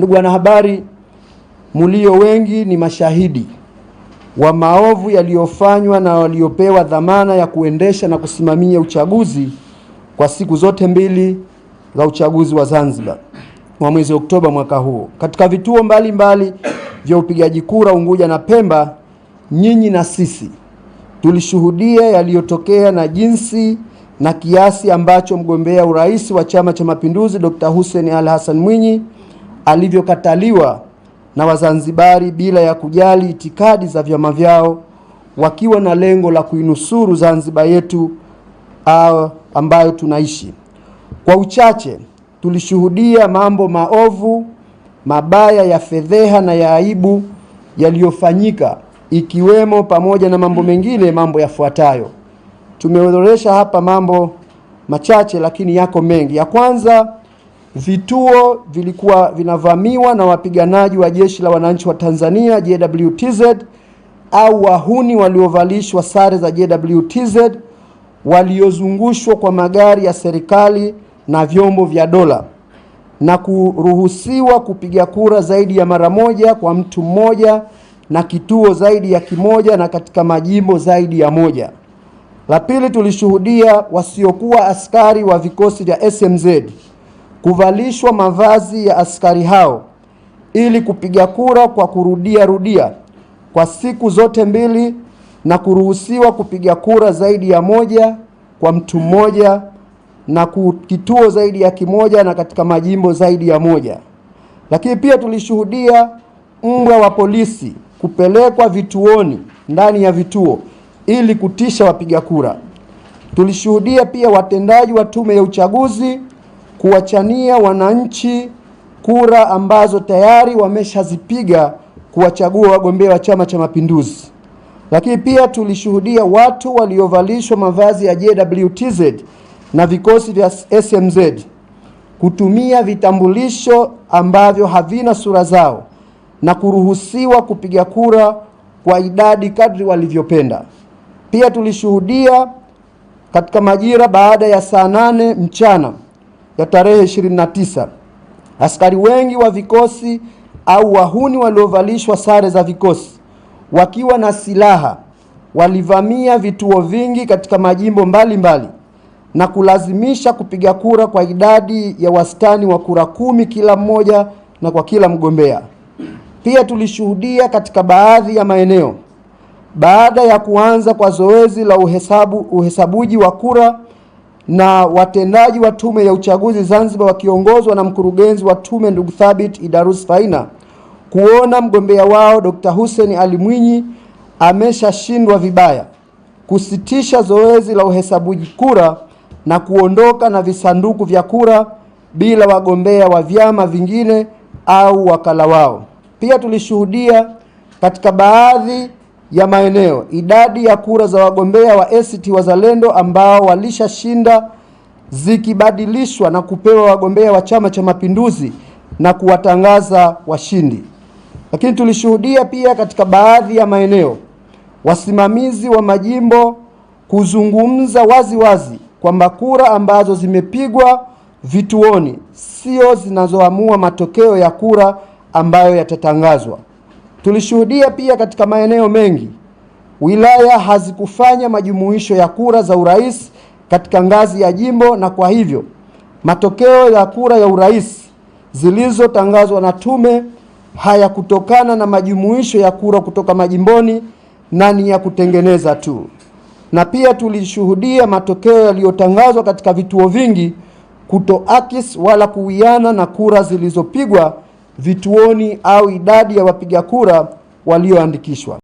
Ndugu wanahabari, mulio wengi ni mashahidi wa maovu yaliyofanywa na waliopewa dhamana ya kuendesha na kusimamia uchaguzi kwa siku zote mbili za uchaguzi wa Zanzibar wa mwezi Oktoba mwaka huo katika vituo mbalimbali mbali vya upigaji kura Unguja na Pemba. Nyinyi na sisi tulishuhudia yaliyotokea na jinsi na kiasi ambacho mgombea urais wa Chama cha Mapinduzi Dr. Hussein Ali Hassan Mwinyi alivyokataliwa na Wazanzibari bila ya kujali itikadi za vyama vyao, wakiwa na lengo la kuinusuru Zanzibar yetu au ambayo tunaishi. Kwa uchache tulishuhudia mambo maovu mabaya ya fedheha na ya aibu yaliyofanyika, ikiwemo pamoja na mambo mengine mambo yafuatayo. Tumeorodhesha hapa mambo machache, lakini yako mengi. Ya kwanza vituo vilikuwa vinavamiwa na wapiganaji wa jeshi la wananchi wa Tanzania JWTZ au wahuni waliovalishwa sare za JWTZ waliozungushwa kwa magari ya serikali na vyombo vya dola na kuruhusiwa kupiga kura zaidi ya mara moja kwa mtu mmoja na kituo zaidi ya kimoja na katika majimbo zaidi ya moja. La pili, tulishuhudia wasiokuwa askari wa vikosi vya SMZ kuvalishwa mavazi ya askari hao ili kupiga kura kwa kurudia rudia kwa siku zote mbili na kuruhusiwa kupiga kura zaidi ya moja kwa mtu mmoja na kituo zaidi ya kimoja na katika majimbo zaidi ya moja. Lakini pia tulishuhudia mbwa wa polisi kupelekwa vituoni ndani ya vituo ili kutisha wapiga kura. Tulishuhudia pia watendaji wa tume ya uchaguzi kuwachania wananchi kura ambazo tayari wameshazipiga kuwachagua wagombea wa Chama cha Mapinduzi. Lakini pia tulishuhudia watu waliovalishwa mavazi ya JWTZ na vikosi vya SMZ kutumia vitambulisho ambavyo havina sura zao na kuruhusiwa kupiga kura kwa idadi kadri walivyopenda. Pia tulishuhudia katika majira baada ya saa nane mchana ya tarehe 29 askari wengi wa vikosi au wahuni waliovalishwa sare za vikosi wakiwa na silaha walivamia vituo vingi katika majimbo mbalimbali mbali, na kulazimisha kupiga kura kwa idadi ya wastani wa kura kumi kila mmoja na kwa kila mgombea. Pia tulishuhudia katika baadhi ya maeneo baada ya kuanza kwa zoezi la uhesabu, uhesabuji wa kura na watendaji wa Tume ya Uchaguzi Zanzibar wakiongozwa na mkurugenzi wa tume ndugu Thabit Idarus Faina kuona mgombea wao Dr. Hussein Ali Mwinyi ameshashindwa vibaya, kusitisha zoezi la uhesabuji kura na kuondoka na visanduku vya kura bila wagombea wa vyama vingine au wakala wao. Pia tulishuhudia katika baadhi ya maeneo, idadi ya kura za wagombea wa ACT Wazalendo ambao walishashinda zikibadilishwa na kupewa wagombea wa Chama cha Mapinduzi na kuwatangaza washindi. Lakini tulishuhudia pia katika baadhi ya maeneo wasimamizi wa majimbo kuzungumza wazi wazi kwamba kura ambazo zimepigwa vituoni sio zinazoamua matokeo ya kura ambayo yatatangazwa. Tulishuhudia pia katika maeneo mengi wilaya hazikufanya majumuisho ya kura za urais katika ngazi ya jimbo, na kwa hivyo matokeo ya kura ya urais zilizotangazwa na tume hayakutokana na majumuisho ya kura kutoka majimboni na ni ya kutengeneza tu. Na pia tulishuhudia matokeo yaliyotangazwa katika vituo vingi kutoakisi wala kuwiana na kura zilizopigwa vituoni au idadi ya wapiga kura walioandikishwa.